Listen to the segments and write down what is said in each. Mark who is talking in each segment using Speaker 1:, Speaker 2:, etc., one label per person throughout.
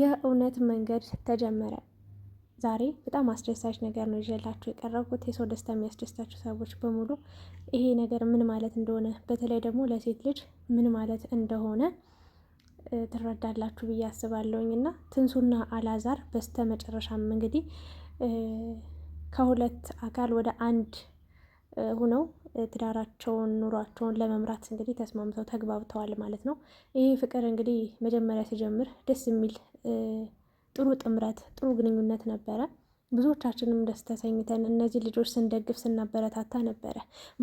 Speaker 1: የእውነት መንገድ ተጀመረ። ዛሬ በጣም አስደሳች ነገር ነው ይዤላችሁ የቀረብኩት። የሰው ደስታ የሚያስደስታችሁ ሰዎች በሙሉ ይሄ ነገር ምን ማለት እንደሆነ በተለይ ደግሞ ለሴት ልጅ ምን ማለት እንደሆነ ትረዳላችሁ ብዬ አስባለሁኝ እና ትንሱና አላዛር በስተ መጨረሻም እንግዲህ ከሁለት አካል ወደ አንድ ሁነው ትዳራቸውን ኑሯቸውን ለመምራት እንግዲህ ተስማምተው ተግባብተዋል ማለት ነው። ይህ ፍቅር እንግዲህ መጀመሪያ ሲጀምር ደስ የሚል ጥሩ ጥምረት፣ ጥሩ ግንኙነት ነበረ። ብዙዎቻችንም ደስ ተሰኝተን እነዚህ ልጆች ስንደግፍ ስናበረታታ ነበረ።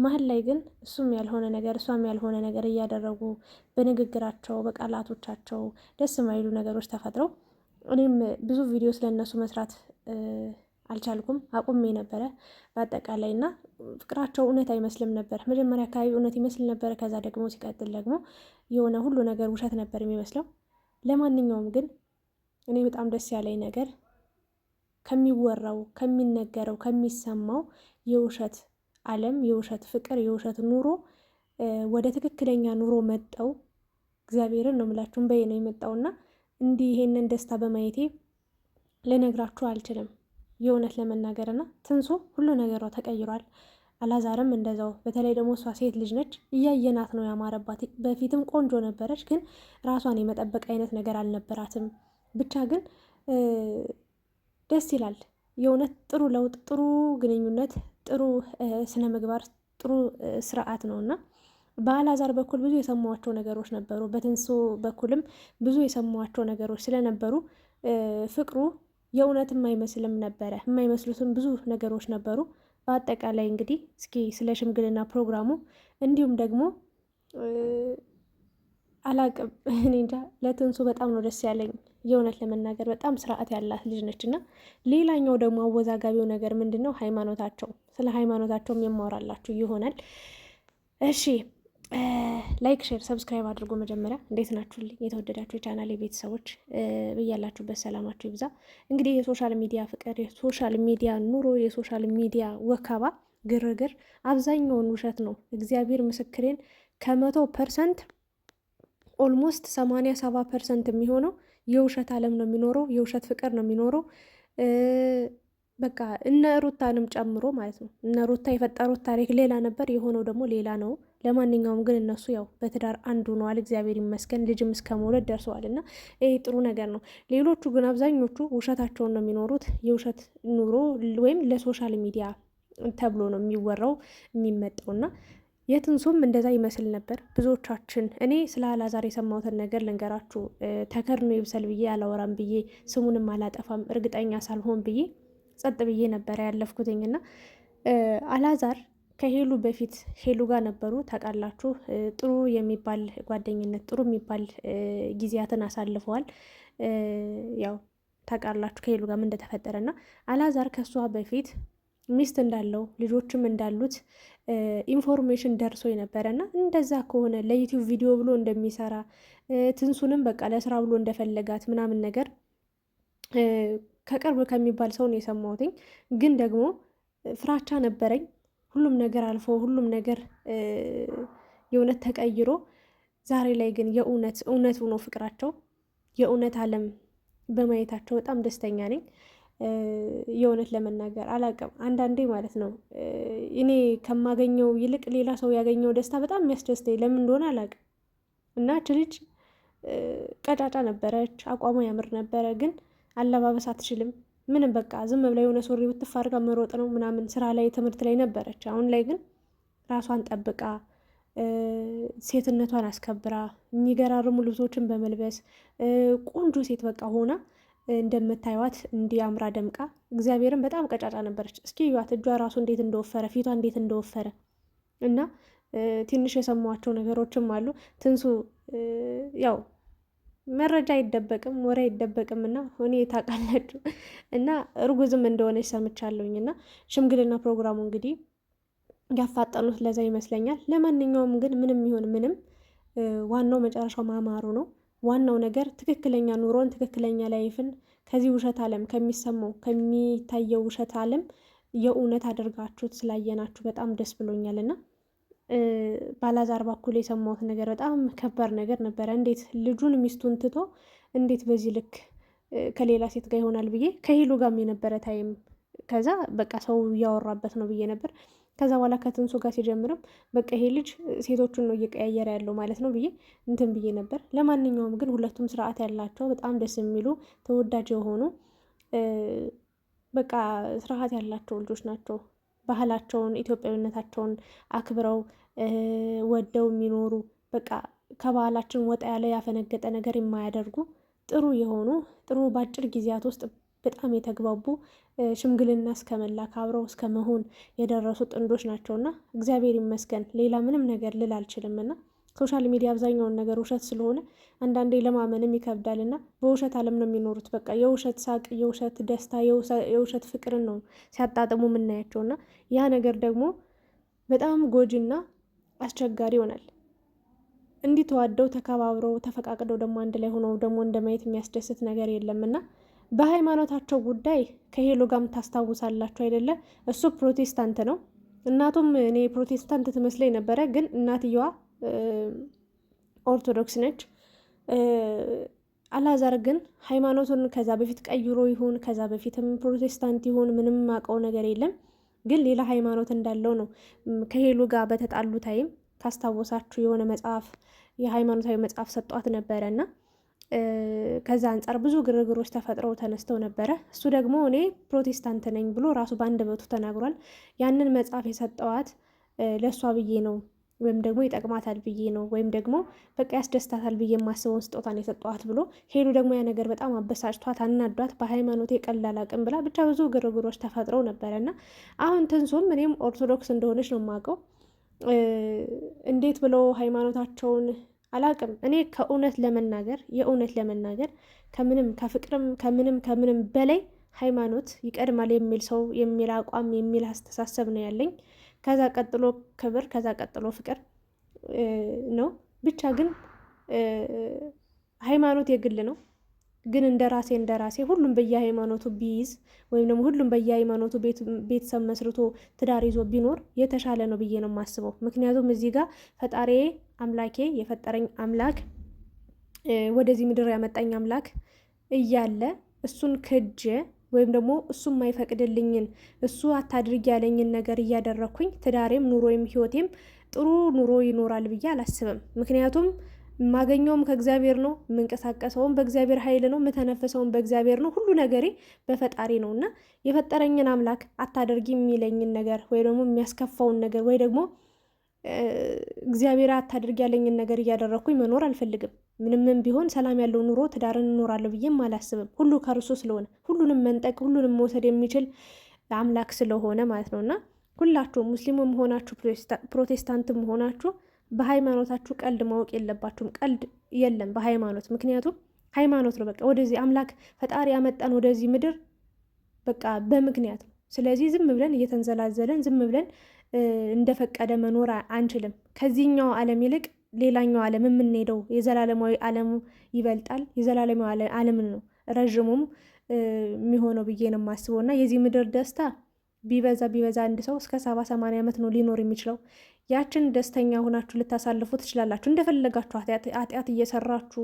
Speaker 1: መሀል ላይ ግን እሱም ያልሆነ ነገር እሷም ያልሆነ ነገር እያደረጉ በንግግራቸው በቃላቶቻቸው ደስ የማይሉ ነገሮች ተፈጥረው እኔም ብዙ ቪዲዮ ስለነሱ መስራት አልቻልኩም፣ አቁሜ ነበረ በአጠቃላይ እና ፍቅራቸው እውነት አይመስልም ነበር። መጀመሪያ አካባቢ እውነት ይመስል ነበረ። ከዛ ደግሞ ሲቀጥል ደግሞ የሆነ ሁሉ ነገር ውሸት ነበር የሚመስለው። ለማንኛውም ግን እኔ በጣም ደስ ያለኝ ነገር ከሚወራው ከሚነገረው ከሚሰማው የውሸት ዓለም የውሸት ፍቅር የውሸት ኑሮ ወደ ትክክለኛ ኑሮ መጠው እግዚአብሔርን ነው የምላችሁ በይ ነው የመጣውና እንዲህ ይሄንን ደስታ በማየቴ ልነግራችሁ አልችልም። የእውነት ለመናገርና ትንሶ ሁሉ ነገሯ ተቀይሯል። አላዛርም እንደዛው። በተለይ ደግሞ እሷ ሴት ልጅ ነች፣ እያየናት ነው ያማረባት። በፊትም ቆንጆ ነበረች፣ ግን ራሷን የመጠበቅ አይነት ነገር አልነበራትም። ብቻ ግን ደስ ይላል። የእውነት ጥሩ ለውጥ፣ ጥሩ ግንኙነት፣ ጥሩ ስነ ምግባር፣ ጥሩ ስርዓት ነው እና በአላዛር በኩል ብዙ የሰማዋቸው ነገሮች ነበሩ። በትንሱ በኩልም ብዙ የሰማዋቸው ነገሮች ስለነበሩ ፍቅሩ የእውነት የማይመስልም ነበረ። የማይመስሉትም ብዙ ነገሮች ነበሩ። በአጠቃላይ እንግዲህ እስኪ ስለ ሽምግልና ፕሮግራሙ እንዲሁም ደግሞ አላቅም እኔ እንጃ ለትንሱ በጣም ነው ደስ ያለኝ። የእውነት ለመናገር በጣም ስርዓት ያላት ልጅ ነች እና ሌላኛው ደግሞ አወዛጋቢው ነገር ምንድን ነው? ሃይማኖታቸው። ስለ ሃይማኖታቸውም የማወራላችሁ ይሆናል። እሺ ላይክ፣ ሼር፣ ሰብስክራይብ አድርጎ መጀመሪያ እንዴት ናችሁልኝ? የተወደዳችሁ የቻናል ቤተሰቦች ብያላችሁበት ሰላማችሁ ይብዛ። እንግዲህ የሶሻል ሚዲያ ፍቅር፣ የሶሻል ሚዲያ ኑሮ፣ የሶሻል ሚዲያ ወከባ፣ ግርግር አብዛኛውን ውሸት ነው። እግዚአብሔር ምስክሬን ከመቶ ፐርሰንት ኦልሞስት ሰማንያ ሰባ ፐርሰንት የሚሆነው የውሸት ዓለም ነው የሚኖረው፣ የውሸት ፍቅር ነው የሚኖረው። በቃ እነ ሩታንም ጨምሮ ማለት ነው። እነ ሩታ የፈጠሩት ታሪክ ሌላ ነበር፣ የሆነው ደግሞ ሌላ ነው። ለማንኛውም ግን እነሱ ያው በትዳር አንዱ ነዋል፣ እግዚአብሔር ይመስገን፣ ልጅም እስከ መውለድ ደርሰዋል እና ይህ ጥሩ ነገር ነው። ሌሎቹ ግን አብዛኞቹ ውሸታቸውን ነው የሚኖሩት፣ የውሸት ኑሮ ወይም ለሶሻል ሚዲያ ተብሎ ነው የሚወራው ና። የትንሱም እንደዛ ይመስል ነበር። ብዙዎቻችን እኔ ስለ አላዛር የሰማሁትን ነገር ልንገራችሁ። ተከድኖ ይብሰል ብዬ አላወራም ብዬ ስሙንም አላጠፋም እርግጠኛ ሳልሆን ብዬ ጸጥ ብዬ ነበረ ያለፍኩትኝና አላዛር ከሄሉ በፊት ሄሉ ጋር ነበሩ። ታውቃላችሁ፣ ጥሩ የሚባል ጓደኝነት ጥሩ የሚባል ጊዜያትን አሳልፈዋል። ያው ታውቃላችሁ ከሄሉ ጋር ምን እንደተፈጠረ እና አላዛር ከእሷ በፊት ሚስት እንዳለው ልጆችም እንዳሉት ኢንፎርሜሽን ደርሶ የነበረ እና እንደዛ ከሆነ ለዩቲዩብ ቪዲዮ ብሎ እንደሚሰራ ትንሱንም በቃ ለስራ ብሎ እንደፈለጋት ምናምን ነገር ከቅርብ ከሚባል ሰው ነው የሰማሁትኝ። ግን ደግሞ ፍራቻ ነበረኝ። ሁሉም ነገር አልፎ ሁሉም ነገር የእውነት ተቀይሮ ዛሬ ላይ ግን የእውነት እውነት ሆኖ ፍቅራቸው የእውነት ዓለም በማየታቸው በጣም ደስተኛ ነኝ። የእውነት ለመናገር አላቅም አንዳንዴ ማለት ነው እኔ ከማገኘው ይልቅ ሌላ ሰው ያገኘው ደስታ በጣም የሚያስደስተኝ ለምን እንደሆነ አላቅም። እና እች ልጅ ቀጫጫ ነበረች፣ አቋሟ ያምር ነበረ፣ ግን አለባበስ አትችልም ምንም በቃ ዝም ብላ የሆነ ሱሪ ብትፍ መሮጥ ነው ምናምን። ስራ ላይ ትምህርት ላይ ነበረች። አሁን ላይ ግን ራሷን ጠብቃ ሴትነቷን አስከብራ የሚገራርሙ ልብሶችን በመልበስ ቆንጆ ሴት በቃ ሆና እንደምታዩዋት እንዲህ አምራ ደምቃ እግዚአብሔርን በጣም ቀጫጫ ነበረች። እስኪ እዩዋት እጇ ራሱ እንዴት እንደወፈረ፣ ፊቷ እንዴት እንደወፈረ እና ትንሽ የሰማኋቸው ነገሮችም አሉ። ትንሱ ያው መረጃ አይደበቅም ወሬ አይደበቅም እና እኔ ታውቃላችሁ እና እርጉዝም እንደሆነች ሰምቻለሁኝ እና ሽምግልና ፕሮግራሙ እንግዲህ ያፋጠኑት ለዛ ይመስለኛል። ለማንኛውም ግን ምንም ይሁን ምንም ዋናው መጨረሻው ማማሩ ነው። ዋናው ነገር ትክክለኛ ኑሮን ትክክለኛ ላይፍን ከዚህ ውሸት ዓለም ከሚሰማው ከሚታየው ውሸት ዓለም የእውነት አድርጋችሁት ስላየናችሁ በጣም ደስ ብሎኛል እና ባላዛር በኩል የሰማሁት ነገር በጣም ከባድ ነገር ነበረ። እንዴት ልጁን ሚስቱን ትቶ እንዴት በዚህ ልክ ከሌላ ሴት ጋር ይሆናል ብዬ ከሄሉ ጋርም የነበረ ታይም ከዛ በቃ ሰው እያወራበት ነው ብዬ ነበር። ከዛ በኋላ ከትንሱ ጋር ሲጀምርም በቃ ይሄ ልጅ ሴቶቹን ነው እየቀያየረ ያለው ማለት ነው ብዬ እንትን ብዬ ነበር። ለማንኛውም ግን ሁለቱም ስርዓት ያላቸው በጣም ደስ የሚሉ ተወዳጅ የሆኑ በቃ ስርዓት ያላቸው ልጆች ናቸው። ባህላቸውን ኢትዮጵያዊነታቸውን አክብረው ወደው የሚኖሩ በቃ ከባህላችን ወጣ ያለ ያፈነገጠ ነገር የማያደርጉ ጥሩ የሆኑ ጥሩ በአጭር ጊዜያት ውስጥ በጣም የተግባቡ ሽምግልና እስከ መላክ አብረው እስከ መሆን የደረሱ ጥንዶች ናቸውና እግዚአብሔር ይመስገን። ሌላ ምንም ነገር ልል አልችልምና ሶሻል ሚዲያ አብዛኛውን ነገር ውሸት ስለሆነ አንዳንዴ ለማመንም ይከብዳልና በውሸት ዓለም ነው የሚኖሩት። በቃ የውሸት ሳቅ፣ የውሸት ደስታ፣ የውሸት ፍቅርን ነው ሲያጣጥሙ የምናያቸውና ያ ነገር ደግሞ በጣም ጎጂና አስቸጋሪ ይሆናል። እንዲህ ተዋደው ተከባብረው ተፈቃቅደው ደግሞ አንድ ላይ ሆነው ደግሞ እንደማየት የሚያስደስት ነገር የለምና በሃይማኖታቸው ጉዳይ ከሄሎ ጋም ታስታውሳላችሁ አይደለ? እሱ ፕሮቴስታንት ነው። እናቱም እኔ ፕሮቴስታንት ትመስለኝ ነበረ፣ ግን እናትየዋ ኦርቶዶክስ ነች። አላዛር ግን ሃይማኖቱን ከዛ በፊት ቀይሮ ይሁን ከዛ በፊትም ፕሮቴስታንት ይሁን ምንም ማቀው ነገር የለም። ግን ሌላ ሃይማኖት እንዳለው ነው ከሄሉ ጋር በተጣሉ ታይም ታስታወሳችሁ የሆነ መጽሐፍ የሃይማኖታዊ መጽሐፍ ሰጧት ነበረ እና ከዛ አንጻር ብዙ ግርግሮች ተፈጥረው ተነስተው ነበረ። እሱ ደግሞ እኔ ፕሮቴስታንት ነኝ ብሎ ራሱ በአንድ በቱ ተናግሯል። ያንን መጽሐፍ የሰጠዋት ለእሷ ብዬ ነው ወይም ደግሞ ይጠቅማታል ብዬ ነው ወይም ደግሞ በቃ ያስደስታታል ብዬ የማስበውን ስጦታን የሰጠዋት ብሎ ሄሉ ደግሞ ያ ነገር በጣም አበሳጭቷት አናዷት፣ በሃይማኖት ቀላል አቅም ብላ ብቻ ብዙ ግርግሮች ተፈጥረው ነበረና አሁን ትንሱም እኔም ኦርቶዶክስ እንደሆነች ነው የማውቀው እንዴት ብለው ሃይማኖታቸውን አላቅም እኔ ከእውነት ለመናገር የእውነት ለመናገር ከምንም ከፍቅርም ከምንም ከምንም በላይ ሃይማኖት ይቀድማል የሚል ሰው የሚል አቋም የሚል አስተሳሰብ ነው ያለኝ። ከዛ ቀጥሎ ክብር፣ ከዛ ቀጥሎ ፍቅር ነው። ብቻ ግን ሃይማኖት የግል ነው። ግን እንደ ራሴ እንደ ራሴ ሁሉም በየሃይማኖቱ ቢይዝ ወይም ደግሞ ሁሉም በየሃይማኖቱ ቤተሰብ መስርቶ ትዳር ይዞ ቢኖር የተሻለ ነው ብዬ ነው የማስበው። ምክንያቱም እዚህ ጋር ፈጣሪ አምላኬ የፈጠረኝ አምላክ ወደዚህ ምድር ያመጣኝ አምላክ እያለ እሱን ክጄ ወይም ደግሞ እሱ የማይፈቅድልኝን እሱ አታድርግ ያለኝን ነገር እያደረግኩኝ ትዳሬም ኑሮዬም ህይወቴም ጥሩ ኑሮ ይኖራል ብዬ አላስብም። ምክንያቱም የማገኘውም ከእግዚአብሔር ነው፣ የምንቀሳቀሰውም በእግዚአብሔር ኃይል ነው፣ የምተነፍሰውም በእግዚአብሔር ነው። ሁሉ ነገሬ በፈጣሪ ነው እና የፈጠረኝን አምላክ አታደርጊ የሚለኝን ነገር ወይ ደግሞ የሚያስከፋውን ነገር ወይ ደግሞ እግዚአብሔር አታደርግ ያለኝን ነገር እያደረግኩኝ መኖር አልፈልግም። ምንምም ቢሆን ሰላም ያለው ኑሮ ትዳርን እኖራለሁ ብዬም አላስብም። ሁሉ ከርሶ ስለሆነ ሁሉንም መንጠቅ ሁሉንም መውሰድ የሚችል አምላክ ስለሆነ ማለት ነው እና ሁላችሁም ሙስሊሙም ሆናችሁ ፕሮቴስታንትም ሆናችሁ በሃይማኖታችሁ ቀልድ ማወቅ የለባችሁም። ቀልድ የለም በሃይማኖት ምክንያቱም ሃይማኖት ነው በቃ ወደዚህ አምላክ ፈጣሪ ያመጣን ወደዚህ ምድር በቃ በምክንያት ነው። ስለዚህ ዝም ብለን እየተንዘላዘለን ዝም ብለን እንደፈቀደ መኖር አንችልም። ከዚህኛው ዓለም ይልቅ ሌላኛው ዓለም የምንሄደው የዘላለማዊ ዓለሙ ይበልጣል። የዘላለማዊ ዓለምን ነው ረዥሙም የሚሆነው ብዬ ነው የማስበው እና የዚህ ምድር ደስታ ቢበዛ ቢበዛ አንድ ሰው እስከ ሰባ ሰማንያ ዓመት ነው ሊኖር የሚችለው። ያችን ደስተኛ ሆናችሁ ልታሳልፉ ትችላላችሁ። እንደፈለጋችሁ አጥያት እየሰራችሁ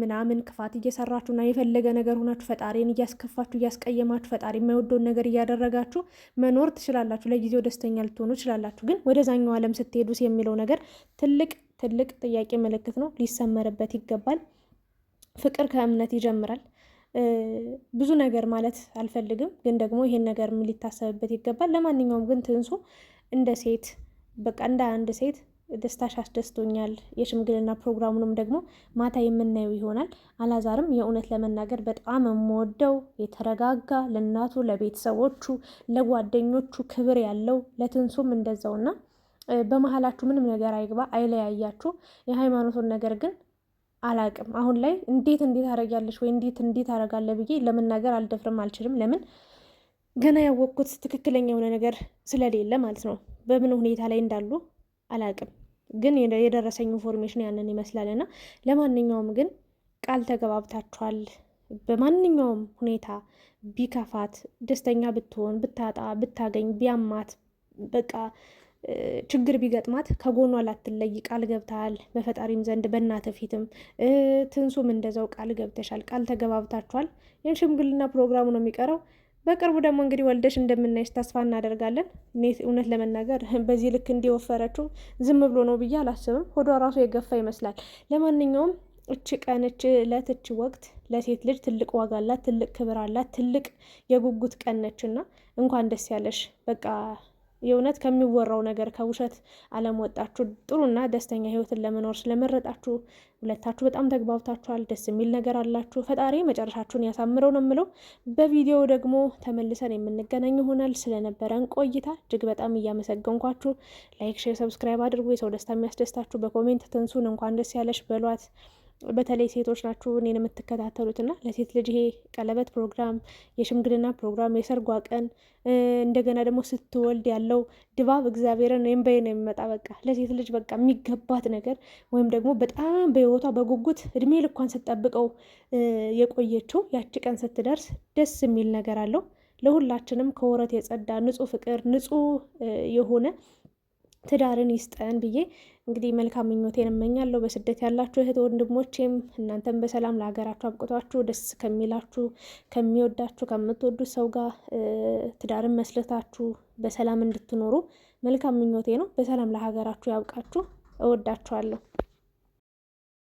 Speaker 1: ምናምን ክፋት እየሰራችሁ እና የፈለገ ነገር ሆናችሁ ፈጣሪን እያስከፋችሁ እያስቀየማችሁ ፈጣሪ የማይወደውን ነገር እያደረጋችሁ መኖር ትችላላችሁ። ለጊዜው ደስተኛ ልትሆኑ ትችላላችሁ። ግን ወደዛኛው ዓለም ስትሄዱስ የሚለው ነገር ትልቅ ትልቅ ጥያቄ ምልክት ነው፣ ሊሰመርበት ይገባል። ፍቅር ከእምነት ይጀምራል። ብዙ ነገር ማለት አልፈልግም፣ ግን ደግሞ ይሄን ነገር ሊታሰብበት ይገባል። ለማንኛውም ግን ትንሱ እንደ ሴት በቃ እንደ አንድ ሴት ደስታሽ አስደስቶኛል። የሽምግልና ፕሮግራሙንም ደግሞ ማታ የምናየው ይሆናል። አላዛርም የእውነት ለመናገር በጣም የምወደው የተረጋጋ ለእናቱ፣ ለቤተሰቦቹ፣ ለጓደኞቹ ክብር ያለው ለትንሱም እንደዛውና በመሀላችሁ ምንም ነገር አይግባ አይለያያችሁ። የሃይማኖቱን ነገር ግን አላቅም። አሁን ላይ እንዴት እንዴት አረጊያለሽ ወይ እንዴት እንዴት አረጋለ ብዬ ለመናገር አልደፍርም፣ አልችልም። ለምን ገና ያወቅኩት ትክክለኛ የሆነ ነገር ስለሌለ ማለት ነው። በምን ሁኔታ ላይ እንዳሉ አላቅም፣ ግን የደረሰኝ ኢንፎርሜሽን ያንን ይመስላል። እና ለማንኛውም ግን ቃል ተገባብታችኋል። በማንኛውም ሁኔታ ቢከፋት፣ ደስተኛ ብትሆን፣ ብታጣ፣ ብታገኝ፣ ቢያማት በቃ ችግር ቢገጥማት ከጎኗ ላትለይ ቃል ገብተሃል። በፈጣሪም ዘንድ በእናተ ፊትም ትንሱም እንደዛው ቃል ገብተሻል፣ ቃል ተገባብታችኋል። ይህን ሽምግልና ፕሮግራሙ ነው የሚቀረው። በቅርቡ ደግሞ እንግዲህ ወልደሽ እንደምናይሽ ተስፋ እናደርጋለን። እኔ እውነት ለመናገር በዚህ ልክ እንዲወፈረችው ዝም ብሎ ነው ብዬ አላስብም። ሆዷ ራሱ የገፋ ይመስላል። ለማንኛውም እች ቀን እች ዕለት እች ወቅት ለሴት ልጅ ትልቅ ዋጋ አላት፣ ትልቅ ክብር አላት፣ ትልቅ የጉጉት ቀን ነችና እንኳን ደስ ያለሽ በቃ የእውነት ከሚወራው ነገር ከውሸት ዓለም ወጣችሁ ጥሩና ደስተኛ ህይወትን ለመኖር ስለመረጣችሁ ሁለታችሁ በጣም ተግባብታችኋል። ደስ የሚል ነገር አላችሁ። ፈጣሪ መጨረሻችሁን ያሳምረው ነው የምለው። በቪዲዮ ደግሞ ተመልሰን የምንገናኝ ይሆናል። ስለነበረን ቆይታ እጅግ በጣም እያመሰገንኳችሁ ላይክ፣ ሼር፣ ሰብስክራይብ አድርጉ። የሰው ደስታ የሚያስደስታችሁ በኮሜንት ትንሱን እንኳን ደስ ያለሽ በሏት። በተለይ ሴቶች ናችሁ እኔን የምትከታተሉትና ለሴት ልጅ ይሄ ቀለበት ፕሮግራም፣ የሽምግልና ፕሮግራም፣ የሰርጓ ቀን እንደገና ደግሞ ስትወልድ ያለው ድባብ እግዚአብሔርን ወይም በይ ነው የሚመጣ። በቃ ለሴት ልጅ በቃ የሚገባት ነገር ወይም ደግሞ በጣም በህይወቷ በጉጉት እድሜ ልኳን ስትጠብቀው የቆየችው ያቺ ቀን ስትደርስ ደስ የሚል ነገር አለው። ለሁላችንም ከወረት የጸዳ ንጹህ ፍቅር ንጹህ የሆነ ትዳርን ይስጠን ብዬ እንግዲህ መልካም ምኞቴን እመኛለሁ። በስደት ያላችሁ እህት ወንድሞቼም እናንተም በሰላም ለሀገራችሁ አብቅቷችሁ ደስ ከሚላችሁ ከሚወዳችሁ ከምትወዱት ሰው ጋር ትዳርን መስለታችሁ በሰላም እንድትኖሩ መልካም ምኞቴ ነው። በሰላም ለሀገራችሁ ያብቃችሁ። እወዳችኋለሁ።